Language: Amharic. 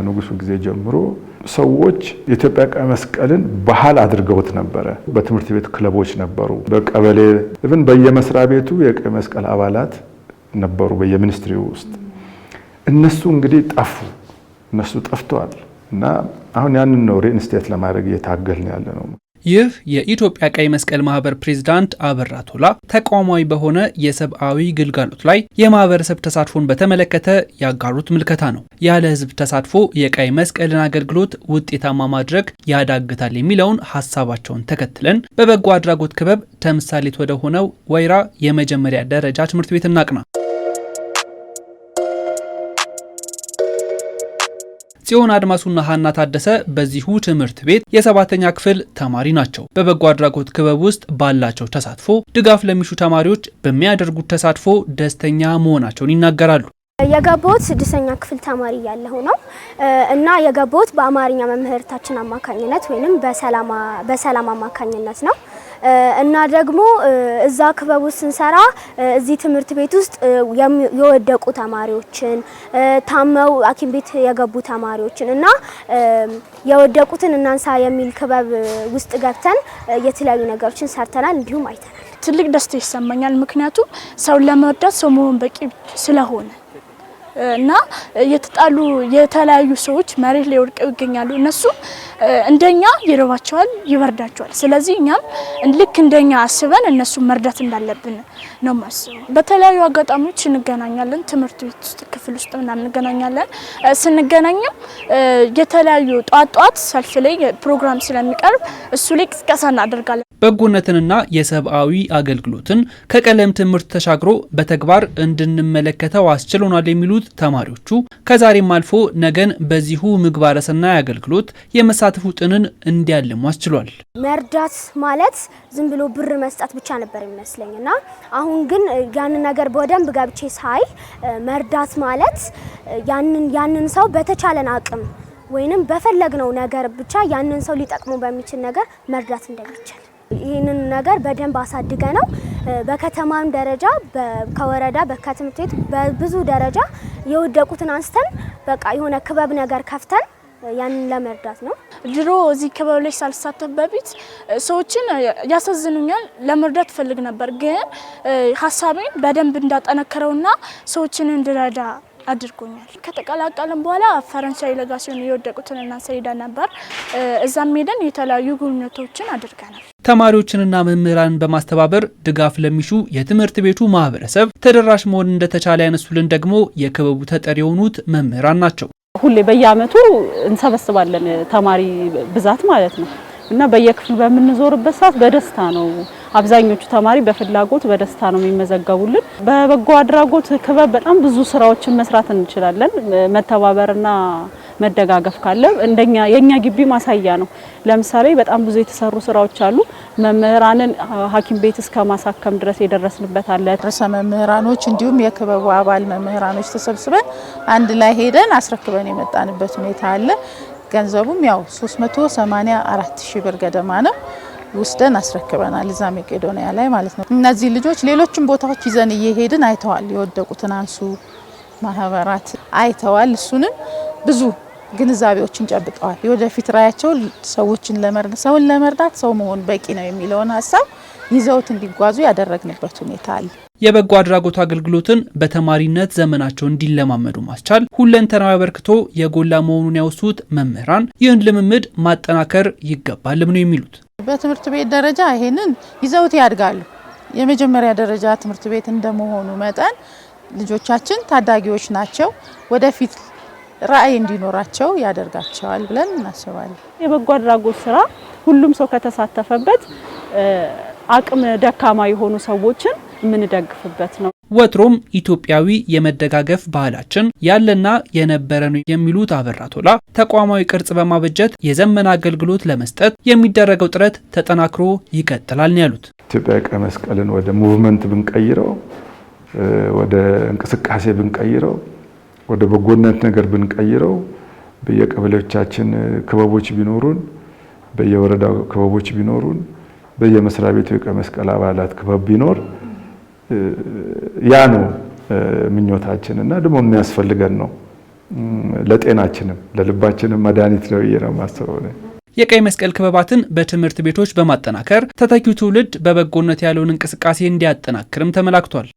ከንጉሱ ጊዜ ጀምሮ ሰዎች የኢትዮጵያ ቀይ መስቀልን ባህል አድርገውት ነበረ። በትምህርት ቤት ክለቦች ነበሩ፣ በቀበሌ ብን በየመስሪያ ቤቱ የቀይ መስቀል አባላት ነበሩ፣ በየሚኒስትሪ ውስጥ። እነሱ እንግዲህ ጠፉ፣ እነሱ ጠፍተዋል እና አሁን ያንን ነው ሪኢንስቴት ለማድረግ እየታገልን ያለ ነው። ይህ የኢትዮጵያ ቀይ መስቀል ማህበር ፕሬዝዳንት አበራ ቶላ ተቋማዊ በሆነ የሰብአዊ ግልጋሎት ላይ የማህበረሰብ ተሳትፎን በተመለከተ ያጋሩት ምልከታ ነው። ያለ ህዝብ ተሳትፎ የቀይ መስቀልን አገልግሎት ውጤታማ ማድረግ ያዳግታል የሚለውን ሀሳባቸውን ተከትለን በበጎ አድራጎት ክበብ ተምሳሌት ወደ ሆነው ወይራ የመጀመሪያ ደረጃ ትምህርት ቤት እናቅና። ጽዮን አድማሱና ሀና ታደሰ በዚሁ ትምህርት ቤት የሰባተኛ ክፍል ተማሪ ናቸው። በበጎ አድራጎት ክበብ ውስጥ ባላቸው ተሳትፎ ድጋፍ ለሚሹ ተማሪዎች በሚያደርጉት ተሳትፎ ደስተኛ መሆናቸውን ይናገራሉ። የገባሁት ስድስተኛ ክፍል ተማሪ እያለሁ ነው እና የገባሁት በአማርኛ መምህርታችን አማካኝነት ወይም በሰላም አማካኝነት ነው። እና ደግሞ እዛ ክበቡ ስንሰራ እዚህ ትምህርት ቤት ውስጥ የወደቁ ተማሪዎችን ታመው ሐኪም ቤት የገቡ ተማሪዎችን እና የወደቁትን እናንሳ የሚል ክበብ ውስጥ ገብተን የተለያዩ ነገሮችን ሰርተናል፣ እንዲሁም አይተናል። ትልቅ ደስታ ይሰማኛል። ምክንያቱም ሰውን ለመርዳት ሰው መሆን በቂ ስለሆነ እና የተጣሉ የተለያዩ ሰዎች መሬት ላይ ወድቀው ይገኛሉ። እነሱ እንደኛ ይርባቸዋል፣ ይበርዳቸዋል። ስለዚህ እኛም ልክ እንደኛ አስበን እነሱ መርዳት እንዳለብን ነው ማስበው። በተለያዩ አጋጣሚዎች እንገናኛለን። ትምህርት ቤት ውስጥ፣ ክፍል ውስጥ ምናምን እንገናኛለን። ስንገናኝም የተለያዩ ጧት ጧት ሰልፍ ላይ ፕሮግራም ስለሚቀርብ እሱ ላይ ቅስቀሳ እናደርጋለን። በጎነትንና የሰብአዊ አገልግሎትን ከቀለም ትምህርት ተሻግሮ በተግባር እንድንመለከተው አስችሎናል የሚሉት ተማሪዎቹ ከዛሬም አልፎ ነገን በዚሁ ምግባረ ሰናይ አገልግሎት የመሳተፍ ውጥንን እንዲያልሙ አስችሏል። መርዳት ማለት ዝም ብሎ ብር መስጠት ብቻ ነበር የሚመስለኝ እና አሁን ግን ያንን ነገር በደንብ ገብቼ ሳይ መርዳት ማለት ያንን ሰው በተቻለን አቅም ወይንም በፈለግነው ነገር ብቻ ያንን ሰው ሊጠቅሙ በሚችል ነገር መርዳት እንደሚችል ይህንን ነገር በደንብ አሳድገ ነው በከተማም ደረጃ ከወረዳ በካ ቤት በብዙ ደረጃ የወደቁትን አንስተን በቃ የሆነ ክበብ ነገር ከፍተን ያንን ለመርዳት ነው። ድሮ እዚህ ክበብ ላይ ሳልሳተፍ በፊት ሰዎችን ያሳዝኑኛል ለመርዳት ፈልግ ነበር፣ ግን ሀሳቤን በደንብ እንዳጠነክረውና ሰዎችን እንድረዳ አድርጎኛል። ከተቀላቀልን በኋላ ፈረንሳይ ለጋሲዮን የወደቁትን እናስሄደ ነበር። እዛም ሄደን የተለያዩ ጉብኝቶችን አድርገናል። ተማሪዎችንና መምህራንን በማስተባበር ድጋፍ ለሚሹ የትምህርት ቤቱ ማህበረሰብ ተደራሽ መሆን እንደተቻለ ያነሱልን ደግሞ የክበቡ ተጠሪ የሆኑት መምህራን ናቸው። ሁሌ በየአመቱ እንሰበስባለን ተማሪ ብዛት ማለት ነው እና በየክፍሉ በምንዞርበት ሰዓት በደስታ ነው አብዛኞቹ ተማሪ በፍላጎት በደስታ ነው የሚመዘገቡልን። በበጎ አድራጎት ክበብ በጣም ብዙ ስራዎችን መስራት እንችላለን። መተባበርና መደጋገፍ ካለ እንደኛ የኛ ግቢ ማሳያ ነው። ለምሳሌ በጣም ብዙ የተሰሩ ስራዎች አሉ። መምህራንን ሐኪም ቤት እስከ ማሳከም ድረስ የደረስንበት አለ። ርዕሰ መምህራኖች እንዲሁም የክበቡ አባል መምህራኖች ተሰብስበን አንድ ላይ ሄደን አስረክበን የመጣንበት ሁኔታ አለ። ገንዘቡም ያው 384 ሺህ ብር ገደማ ነው። ውስደን አስረክበናል እዛ መቄዶንያ ላይ ማለት ነው። እነዚህ ልጆች ሌሎችም ቦታዎች ይዘን እየሄድን አይተዋል። የወደቁትን አንሱ ማህበራት አይተዋል። እሱንም ብዙ ግንዛቤዎችን ጨብጠዋል። የወደፊት ራያቸው ሰዎችን ለመርዳት ሰውን ለመርዳት ሰው መሆን በቂ ነው የሚለውን ሀሳብ ይዘውት እንዲጓዙ ያደረግንበት ሁኔታ አለ። የበጎ አድራጎት አገልግሎትን በተማሪነት ዘመናቸው እንዲለማመዱ ማስቻል ሁለንተናዊ አበርክቶ የጎላ መሆኑን ያወሱት መምህራን ይህን ልምምድ ማጠናከር ይገባልም ነው የሚሉት። በትምህርት ቤት ደረጃ ይሄንን ይዘውት ያድጋሉ። የመጀመሪያ ደረጃ ትምህርት ቤት እንደመሆኑ መጠን ልጆቻችን ታዳጊዎች ናቸው። ወደፊት ራዕይ እንዲኖራቸው ያደርጋቸዋል ብለን እናስባለን። የበጎ አድራጎት ስራ ሁሉም ሰው ከተሳተፈበት አቅም ደካማ የሆኑ ሰዎችን የምንደግፍበት ነው። ወትሮም ኢትዮጵያዊ የመደጋገፍ ባህላችን ያለና የነበረ ነው የሚሉት አበራ ቶላ ተቋማዊ ቅርጽ በማበጀት የዘመነ አገልግሎት ለመስጠት የሚደረገው ጥረት ተጠናክሮ ይቀጥላል ነው ያሉት። ኢትዮጵያ ቀይ መስቀልን ወደ ሙቭመንት ብንቀይረው፣ ወደ እንቅስቃሴ ብንቀይረው፣ ወደ በጎነት ነገር ብንቀይረው በየቀበሌዎቻችን ክበቦች ቢኖሩን፣ በየወረዳው ክበቦች ቢኖሩን፣ በየመስሪያ ቤቱ የቀይ መስቀል አባላት ክበብ ቢኖር ያ ነው ምኞታችን እና ደግሞ የሚያስፈልገን ነው። ለጤናችንም ለልባችንም መድኃኒት ነው ብዬ ነው የማስበው። የቀይ መስቀል ክበባትን በትምህርት ቤቶች በማጠናከር ተተኪው ትውልድ በበጎነት ያለውን እንቅስቃሴ እንዲያጠናክርም ተመላክቷል።